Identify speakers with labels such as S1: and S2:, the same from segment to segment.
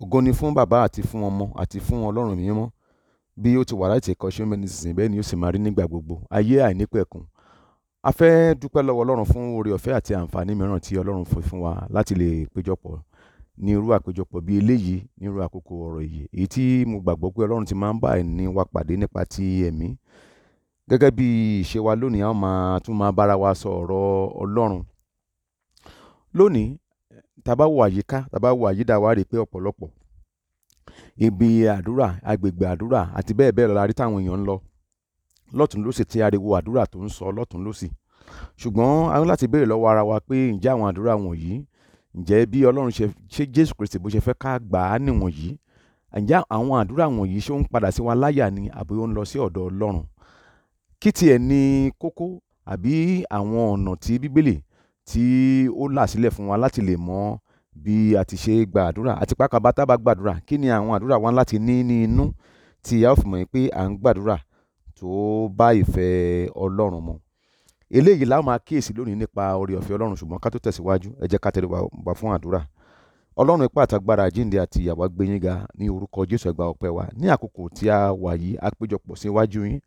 S1: Ògo ni fún Bàbá àti fún Ọmọ àti fún Ọlọ́run ẹ̀mí mímọ́ bí ó ti wà láti ẹ̀kọ́ ṣe ń bẹ bẹ́ẹ̀ ni ó sì máa rí nígbà gbogbo ayé àìnípẹ̀kun. A fẹ́ dúpẹ́ lọ́wọ́ Ọlọ́run fún oore ọ̀fẹ́ àti àǹfààní mìíràn tí Ọlọ́run fi fún wa láti lè péjọpọ̀ ní irú àpéjọpọ̀ bí eléyìí ní irú àkókò ọ̀rọ̀ yìí èyí tí mo gbàgbọ́ pé Ọlọ́run ti máa ń bá ẹni wa pàdé nípa ti ẹ̀mí gẹ́gẹ́ bí ìṣe wa lónìí a máa tún máa bára wa sọ ọ̀rọ̀ Ọlọ́run lónìí tá a bá wo àyíká tá a bá wo àyídà wa rí i pé ọ̀pọ̀lọpọ̀ ibi àdúrà agbègbè àdúrà àti bẹ́ẹ̀ bẹ́ẹ̀ lọ la rí táwọn èèyàn ń lọ lọ́tún lósì tí ariwo àdúrà tó ń sọ lọ́tún lósì ṣùgbọ́n a ní láti béèrè lọ́wọ́ ara wa pé ǹjẹ́ àwọn àdúrà wọ̀nyí ǹjẹ́ bí ọlọ́run ṣe ṣe jésù kristi bó ṣe fẹ́ ká gbà á nìwọ̀nyí ǹjẹ́ àwọn àdúrà wọ̀nyí ṣé ń padà sí wa láyà ni àbí ó ń lọ sí ọ̀dọ̀ ọlọ́run kí tiẹ̀ ni kókó àbí àwọn ọ̀nà tí bíbélì tí ó là sílẹ̀ fún wa láti lè mọ bí a ti ṣe gba àdúrà àti pàápàá tá a bá gbàdúrà kí ni àwọn àdúrà wa láti ní ní inú tí a ó fi mọ̀ pé à ń gbàdúrà tó bá ìfẹ́ Ọlọ́run mu eléyìí la ó máa kíyèsí lónìí nípa oore ọ̀fẹ́ Ọlọ́run ṣùgbọ́n ká tó tẹ̀síwájú ẹ jẹ́ ká tẹríba bá fún àdúrà Ọlọ́run ipá àtagbára àjíǹde àti ìyàwó agbẹ́yìn ní orúkọ Jésù ẹ gba wa ní àkókò tí a wà yìí àpéjọpọ̀ síwájú yín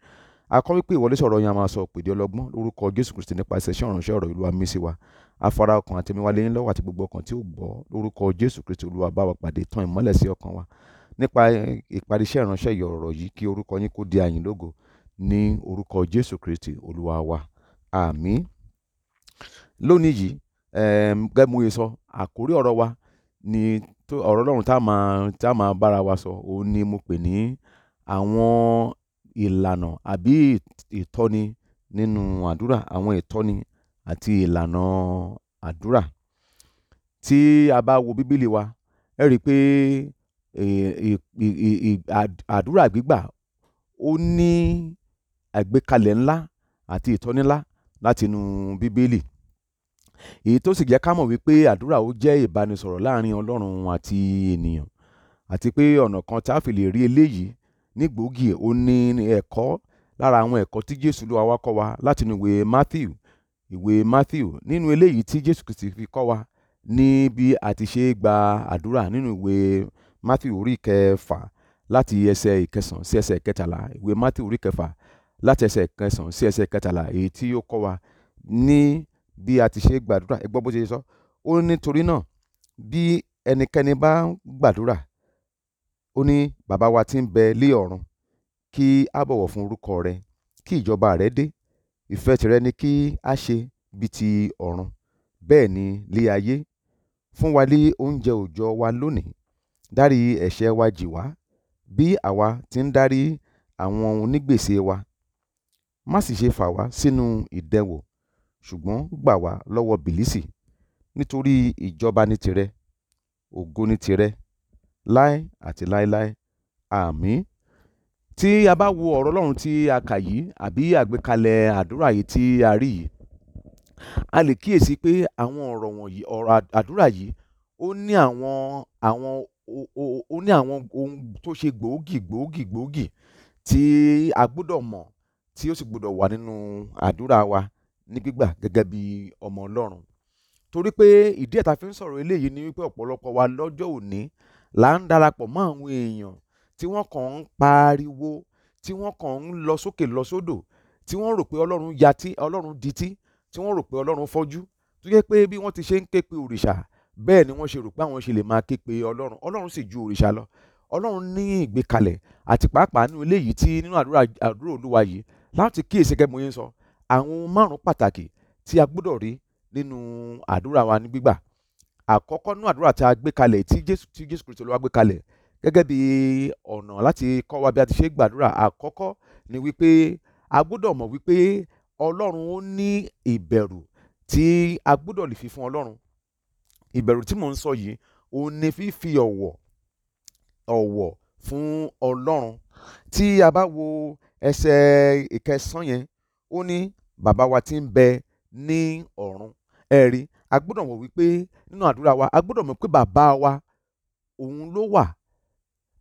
S1: a kọ́ wípé ìwọlé sọ̀rọ̀ yẹn a máa sọ òpèdè ọlọ́gbọ́n lórúkọ jésù kristi nípasẹ̀ iṣẹ́ ìránṣẹ́ ọ̀rọ̀ ìlú amísí wa afárá ọkàn àti mi wá lé lọ́wọ́ àti gbogbo ọkàn tí ó gbọ́ lórúkọ jésù kristi olúwa bá wa pàdé tán ìmọ́lẹ̀ sí ọkàn wa nípa ìparí iṣẹ́ ìránṣẹ́ ìyọ̀ ọ̀rọ̀ yìí kí orúkọ yín kó di àyìn lógo ní orúkọ jésù kristi olúwa wa àmín lónìí yìí gẹ́gẹ́ mú sọ àkórí ọ̀rọ̀ wa ni ọ̀rọ̀ ọlọ́run tá a máa bára wa sọ òun ni mo pè ní àwọn ìlànà àbí ìtọ́ni nínú àdúrà àwọn ìtọ́ni àti ìlànà àdúrà. Tí a bá wo bíbélì wa, ẹ rí i pé àdúrà gbígbà ó ní àgbékalẹ̀ ńlá àti ìtọ́ni ńlá láti inú bíbélì. Èyí tó sì jẹ́ ká mọ̀ wípé àdúrà ó jẹ́ ìbánisọ̀rọ̀ láàárín Ọlọ́run àti ènìyàn àti pé ọ̀nà kan tá a fi lè rí eléyìí ní gbòógì ó ní ẹ̀kọ́ lára àwọn ẹ̀kọ́ tí jésù olúwa wa kọ́ wa láti inú ìwé matthew ìwé matthew nínú eléyìí tí jésù kìí fi kọ́ wa ní bí ṣe gba àdúrà nínú ìwé matthew orí kẹfà láti ẹsẹ̀ ìkẹsàn sí ẹsẹ̀ ìkẹtàlá ìwé matthew orí kẹfà láti ẹsẹ̀ ìkẹsàn sí ẹsẹ̀ ìkẹtàlá èyí tí ó kọ́ wa ní bí a ti ṣe gbàdúrà ẹ gbọ́ bó ṣe sọ ó nítorí náà bí ẹnikẹ́ni bá gbàdúrà ó ní baba wa tí ń bẹ líọ̀run kí a bọ̀wọ̀ fún orúkọ rẹ kí ìjọba rẹ dé ìfẹ́ tìrẹ ni kí a ṣe bí ti ọ̀run bẹ́ẹ̀ ní ilé ayé fún wa ní oúnjẹ òòjọ́ wa lónìí dárí ẹ̀ṣẹ̀ wa jì wá bí àwa ti ń dárí àwọn onígbèsè wa má sì ṣe fà wá sínú ìdẹwò ṣùgbọ́n gbà wá lọ́wọ́ bìlísì nítorí ìjọba ni tìrẹ ògo ni tìrẹ láé àti láéláé àmín tí a bá wo ọ̀rọ̀ ọlọ́run tí a kà yìí àbí àgbékalẹ̀ àdúrà yìí tí a rí yìí a lè kíyèsí pé àwọn ọ̀rọ̀ wọ̀nyí ọ̀rọ̀ àdúrà yìí ó ní àwọn àwọn ó ní àwọn ohun tó ṣe gbòógì gbòógì gbòógì tí a gbọ́dọ̀ mọ̀ tí ó sì gbọ́dọ̀ wà nínú àdúrà wa ní gbígbà gẹ́gẹ́ bí ọmọ ọlọ́run torí pé ìdí ẹ̀ fi ń sọ̀rọ̀ eléyìí ni wípé ọ̀pọ̀lọpọ̀ wa lọ́jọ́ òní là ń darapọ̀ mọ́ àwọn èèyàn tí wọ́n kàn ń pariwo tí wọ́n kàn ń lọ sókè lọ sódò tí wọ́n rò pé ọlọ́run yatí ọlọ́run dití tí wọ́n rò pé ọlọ́run fọ́jú tó yẹ pé bí wọ́n ti ṣe ń ké pe òrìṣà bẹ́ẹ̀ ni wọ́n ṣe rò pé àwọn ṣe lè máa ké pe ọlọ́run ọlọ́run sì ju òrìṣà lọ ọlọ́run ní ìgbékalẹ̀ àti pàápàá nínú ilé yìí tí nínú àdúrà olúwa yìí láti kíyèsí gẹ́gẹ́ mo sọ àwọn márùn pàtàkì tí a gbọ́dọ̀ rí nínú àdúrà wa ní gbígbà àkọ́kọ́ nú àdúrà tá a gbé kalẹ̀ tí jésù tí jésù kristu ló wá gbé kalẹ̀ gẹ́gẹ́ bí ọ̀nà láti kọ́ wa bí a ti ṣe gbàdúrà àkọ́kọ́ ni wípé a gbọ́dọ̀ mọ̀ wípé ọlọ́run ó ní ìbẹ̀rù tí a gbọ́dọ̀ lè fi fún ọlọ́run ìbẹ̀rù tí mò ń sọ yìí òun ni fífi ọ̀wọ̀ ọ̀wọ̀ fún ọlọ́run tí a bá wo ẹsẹ̀ ìkẹsàn yẹn ó ní bàbá wa ti ń bẹ ní ọ̀run ẹ̀rí a gbọ́dọ̀ mọ̀ wípé nínú àdúrà wa a gbọ́dọ̀ mọ̀ pé bàbá wa òun ló wà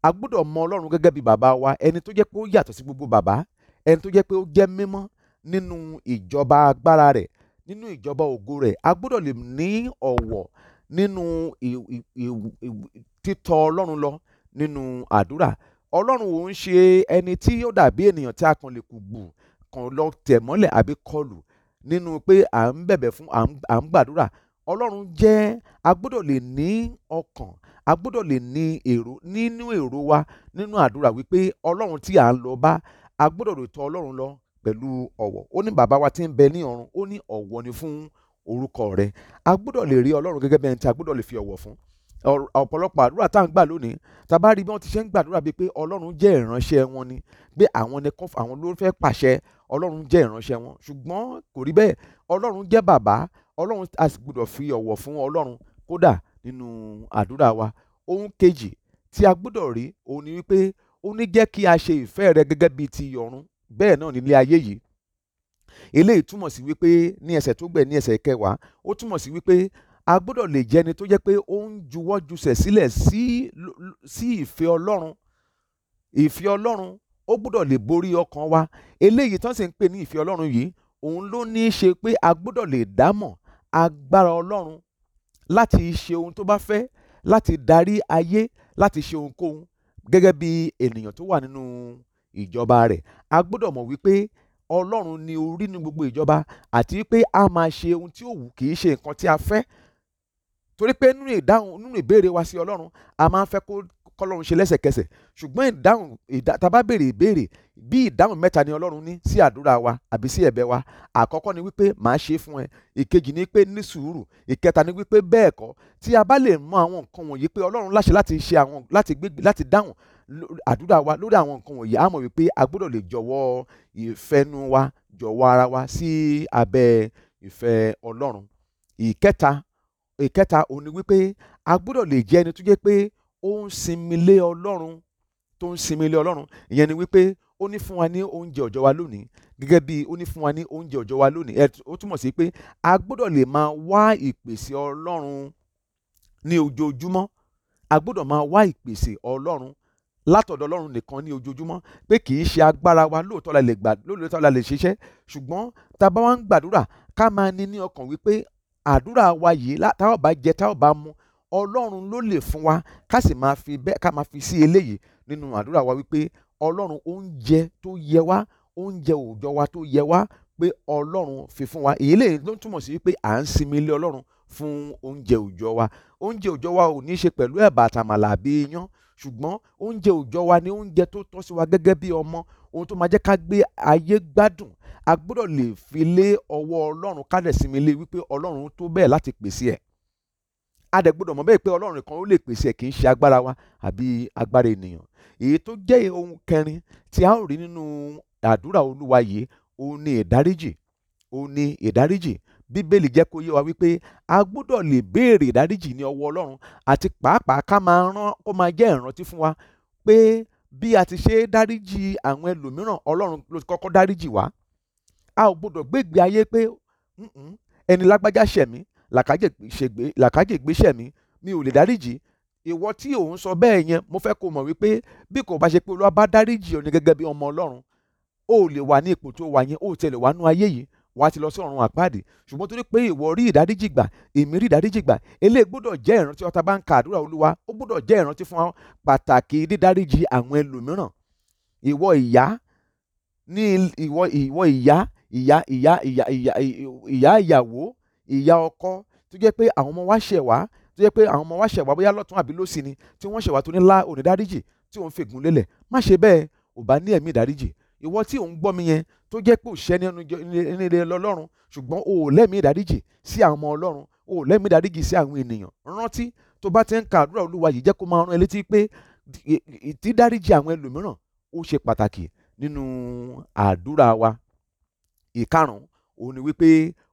S1: a gbọ́dọ̀ mọ ọlọ́run gẹ́gẹ́ bí bàbá wa ẹni tó jẹ́ pé ó yàtọ̀ sí gbogbo bàbá ẹni tó jẹ́ pé ó jẹ́ mímọ́ nínú ìjọba agbára rẹ̀ nínú ìjọba ògo rẹ̀ a gbọ́dọ̀ lè ní ọ̀wọ̀ nínú títọ̀ ọlọ́run lọ nínú àdúrà ọlọ́run òun ṣe ẹni tí ó dàbí ènìyàn tí a kàn lè kùgbù kàn lọ tẹ̀ àbí kọlù nínú pé à ń bẹ̀bẹ̀ fún à ń gbàdúrà ọlọ́run jẹ́ a gbọ́dọ̀ lè ní ọkàn a gbọ́dọ̀ lè ní èrò nínú èrò wa nínú àdúrà wípé ọlọ́run tí à ń lọ bá a gbọ́dọ̀ lè tọ̀ ọlọ́run lọ pẹ̀lú ọ̀wọ̀ ó ní bàbá wa tí ń bẹ ní ọ̀run ó ní ọ̀wọ̀ ni fún orúkọ rẹ a lè rí ọlọ́run gẹ́gẹ́ bí ẹni tí a lè fi ọ̀wọ̀ fún ọ̀pọ̀lọpọ̀ àdúrà tá à ń gbà lónìí tá a bá rí bí wọ́n ti ṣe ń gbàdúrà bíi pé ọlọ́run jẹ́ ìránṣẹ́ wọn ni pé àwọn ni kọ́ àwọn ló fẹ́ pàṣẹ ọlọ́run jẹ́ ìránṣẹ́ wọn ṣùgbọ́n kò rí bẹ́ẹ̀ ọlọ́run jẹ́ bàbá ọlọ́run a sì gbọ́dọ̀ fi ọ̀wọ̀ fún ọlọ́run kódà nínú àdúrà wa ohun kejì tí a gbọ́dọ̀ rí òun ni wípé ó ní jẹ́ kí a ṣe ìfẹ́ rẹ gẹ́gẹ́ bíi ti ọ̀run bẹ́ẹ̀ náà nílé ayé yìí eléyìí túmọ̀ sí wípé ní ẹsẹ̀ tó gbẹ̀ ní ẹsẹ̀ kẹwàá ó túmọ̀ sí wípé a gbọ́dọ̀ lè jẹni tó jẹ́ pé ó ń juwọ́ jusẹ̀ sílẹ̀ sí sí ìfẹ́ Ọlọ́run ìfẹ́ Ọlọ́run ó gbọ́dọ̀ lè borí ọkàn wa eléyìí tán sì ń pè ní ìfẹ́ Ọlọ́run yìí òun ló ní í ṣe pé a gbọ́dọ̀ lè dámọ̀ agbára Ọlọ́run láti ṣe ohun tó bá fẹ́ láti darí ayé láti ṣe ohunkóhun gẹ́gẹ́ bí ènìyàn tó wà nínú ìjọba rẹ̀ a gbọ́dọ̀ mọ̀ wípé Ọlọ́run ni orí ní gbogbo ìjọba àti pé a máa ṣe ohun tí ó wù kì í ṣe nǹkan tí a fẹ́ torí pé nínú ìdáhùn nínú ìbéèrè wa sí ọlọ́run a máa ń fẹ́ kó kọ́lọ́run ṣe lẹ́sẹ̀kẹsẹ̀ ṣùgbọ́n ìdáhùn tá a bá béèrè ìbéèrè bí ìdáhùn mẹ́ta ni ọlọ́run ní sí àdúrà wa àbí sí ẹ̀bẹ̀ wa àkọ́kọ́ ni wípé màá ṣe fún ẹ ìkejì ni pé ní sùúrù ìkẹta ni wípé bẹ́ẹ̀ kọ́ tí a bá lè mọ àwọn nǹkan wọ̀nyí pé ọlọ́run láṣẹ láti ṣe àwọn láti gbé láti dáhùn àdúrà wa lórí àwọn nǹkan wọ̀nyí a mọ̀ wípé a gbọ́dọ̀ lè jọ̀wọ́ ìfẹ́nu wa jọ̀wọ́ ara wa sí abẹ́ ìfẹ́ ọlọ́run ìkẹta ìkẹta òun ni wípé a gbọ́dọ̀ lè jẹ́ ẹni tó jẹ́ pé ó ń sinmi lé ọlọ́run tó ń sinmi lé ọlọ́run ìyẹn ni wípé ó ní fún wa ní oúnjẹ ọjọ́ wa lónìí gẹ́gẹ́ bí ó ní fún wa ní oúnjẹ ọjọ́ wa lónìí ó túmọ̀ sí pé a gbọ́dọ̀ lè máa wá ìpèsè ọlọ́run ní ojoojúmọ́ a gbọ́dọ̀ máa wá ìpèsè ọlọ́run látọ̀dọ̀ ọlọ́run nìkan ní ojoojúmọ́ pé kì í ṣe agbára wa lóòótọ́ la lè gbà lóòótọ́ la lè ṣiṣẹ́ ṣùgbọ́n tá a bá wá ń gbàdúrà ká máa ní ní ọkàn wípé àdúrà wa yìí táwọn bá jẹ táwọn bá mu ọlọ́run ló lè fún wa ká sì máa fi bẹ́ẹ̀ ká máa fi sí eléyìí nínú àdúrà wa wípé ọlọ́run oúnjẹ tó yẹ wá oúnjẹ òòjọ wa tó yẹ wá pé ọlọ́run fi fún wa èyí lè ló túmọ̀ sí wípé à ń sinmi ilé ọlọ́run fún oúnjẹ òòjọ wa oúnjẹ òòjọ wa ò ní í ṣe pẹ̀lú ẹ̀bà àtàmàlà àbí iyán ṣùgbọ́n oúnjẹ òòjọ́ wa ni oúnjẹ tó tọ́ sí wa gẹ́gẹ́ bí ọmọ ohun tó máa jẹ́ ká gbé ayé gbádùn a gbọ́dọ̀ lè fi lé ọwọ́ ọlọ́run ká dẹ̀ sinmi lé wípé ọlọ́run tó bẹ́ẹ̀ láti pèsè ẹ̀ a dẹ̀ gbọ́dọ̀ mọ̀ pé ọlọ́run kan ó lè pèsè ẹ̀ kì í ṣe agbára wa àbí agbára ènìyàn èyí tó jẹ́ ohun kẹrin tí a ó rí nínú àdúrà olúwa yìí òun ni ìdáríjì òun ni ìdáríjì bíbélì jẹ́ kó yé wa wípé a gbọ́dọ̀ lè béèrè ìdáríjì ní ọwọ́ ọlọ́run àti pàápàá ká máa rán kó máa jẹ́ ìrántí fún wa pé bí a ti ṣe dáríjì àwọn ẹlòmíràn ọlọ́run ló kọ́kọ́ dáríjì wá a ò gbọ́dọ̀ gbégbé ayé pé ẹni lágbájá ṣẹ̀mí làkàjègbè ṣẹ̀mí mi ò lè dáríjì ìwọ tí òun sọ bẹ́ẹ̀ yẹn mo fẹ́ kó mọ̀ wípé bí kò bá ṣe pé olúwa bá dáríjì ọ ní gẹ́gẹ́ bí ọmọ ọlọ́run o ò lè wà ní ipò tó wà yẹn o tẹ̀lé wà nú ayé yìí wà á ti lọ sí ọ̀run àpáàdì ṣùgbọ́n torí pé ìwọ rí ìdáríjì gbà èmi rí ìdáríjì gbà eléyìí gbọ́dọ̀ jẹ́ ìrántí ọ̀tá bá ń ka àdúrà olúwa ó gbọ́dọ̀ jẹ́ ìrántí fún pàtàkì dídáríjì àwọn ẹlòmíràn ìwọ ìyá ní ìwọ ìwọ ìyá ìyá ìyá ìyá ìyá ìyá ìyàwó ìyá ọkọ tó jẹ́ pé àwọn ọmọ wa ṣẹ̀ wá tó jẹ́ pé àwọn ọmọ wa ṣẹ̀ wá bóyá lọ́tún àbí lósì ni tí wọ́n ṣẹ̀ wá tó ní lá onídáríjì tí òun fègùn lélẹ̀ má ṣe bẹ́ẹ̀ ò bá ní ẹ̀mí ìdáríjì ìwọ tí ò ń gbọ́ mi yẹn tó jẹ́ pé òṣìṣẹ́ nínú ilé ọlọ́run ṣùgbọ́n o ò lẹ́mìí ìdáríjì sí àwọn ọmọ ọlọ́run o ò lẹ́mìí ìdáríjì sí àwọn ènìyàn rántí tó bá ti ń ka àdúrà olúwa yìí jẹ́ kó máa rán ẹ létí pé ìtídáríjì àwọn ẹlòmíràn ó ṣe pàtàkì nínú àdúrà wa ìkarùn òun ni wípé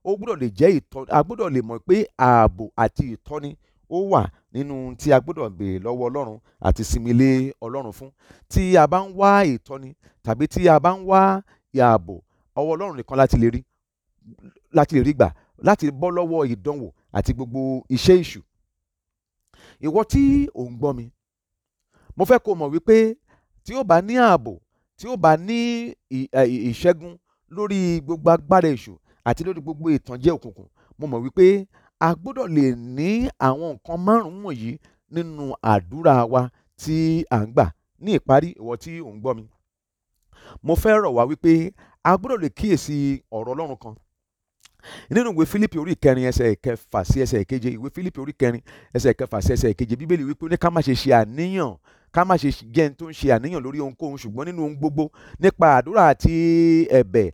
S1: ó gbọ́dọ̀ lè jẹ́ ìtọ́ni a gbọ́dọ̀ lè mọ̀ pé ààbò àti ìtọ́ni ó wà nínú tí a gbọ́dọ̀ béèrè lọ́wọ́ ọlọ́run àti sinmi lé ọlọ́run fún tí a bá ń wá ìtọ́ni tàbí tí a bá ń wá ààbò ọwọ́ ọlọ́run nìkan láti lè rí láti lè rí gbà láti bọ́ lọ́wọ́ ìdánwò àti gbogbo iṣẹ́ ìṣù ìwọ tí ò ń gbọ́ mi mo fẹ́ kó mọ̀ wípé tí ó bá ní ààbò tí ó bá ní ìṣẹ́gun lórí gbogbo agbára èṣù àti lórí gbogbo ìtànjẹ òkùnkùn mo mọ̀ wípé a gbọ́dọ̀ lè ní àwọn nǹkan márùn-ún wọ̀nyí nínú àdúrà wa tí à ń gbà ní ìparí ìwọ tí ò ń gbọ́ mi mo fẹ́ rọ̀ wá wípé a gbọ́dọ̀ lè kíyèsí ọ̀rọ̀ ọlọ́run kan nínú ìwé fílípì orí kẹrin ẹsẹ̀ kẹfà sí ẹsẹ̀ keje ìwé fílípì orí kẹrin ẹsẹ̀ kẹfà sí ẹsẹ̀ keje bíbélì wípé ó ní ká má ṣe ṣe àníyàn ká má ṣe jẹ́ ẹni tó ń ṣe àníyàn lórí ohunkóhun ṣùgbọ́n nínú ohun gbogbo nípa àdúrà àti ẹ̀bẹ̀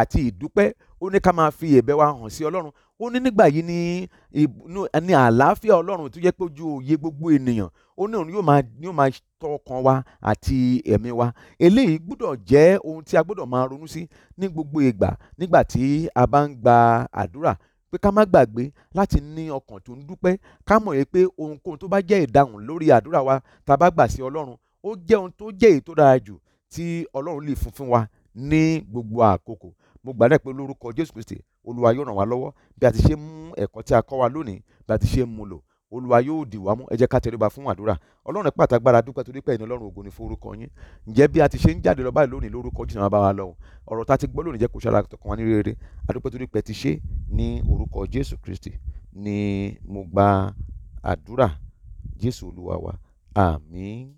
S1: àti ìdúpẹ́ ó ní ká máa fi ẹ̀bẹ̀ wa hàn sí ọlọ́run ó ní nígbà yìí ní ní àlàáfíà ọlọ́run tó yẹ pé ojú òye gbogbo ènìyàn ó ní òun yóò máa yóò máa tọ́ ọkàn wa àti ẹ̀mí wa eléyìí gbọ́dọ̀ jẹ́ ohun tí a gbọ́dọ̀ máa ronú sí ní gbogbo ìgbà nígbà tí a bá ń gba àdúrà pé ká má gbàgbé láti ní ọkàn tó ń dúpẹ́ ká mọ̀ yẹ pé ohunkóhun tó bá jẹ́ ìdáhùn lórí àdúrà wa tá a bá gbà sí ọlọ́run ó jẹ́ ohun tó jẹ́ èyí tó dára jù tí ọlọ́run lè fún fún wa ní gbogbo àkókò mo gbàdúrà pé lórúkọ jésù kristi olúwa yóò ràn wá lọ́wọ́ bí a ti ṣe mú ẹ̀kọ́ tí a kọ́ wa lónìí bí a ti ṣe mú lò olúwa yóò dì wá mú ẹ jẹ́ ká tẹríba fún àdúrà ọlọ́run pàtàgbára dúpẹ́ torí pé ẹ̀yin ọlọ́run ògo ni fún orúkọ yín ǹjẹ́ bí a ti ṣe ń jáde lọ báyìí lónìí lórúkọ jìnnà máa bá wa lọ ọ̀rọ̀ tá a ti gbọ́ lónìí jẹ́ kó ṣara tọkàn wá ní rere adúpẹ́ torí pé ti ṣe ní orúkọ jésù kristi ni mo gba àdúrà jésù olúwa wa àmín.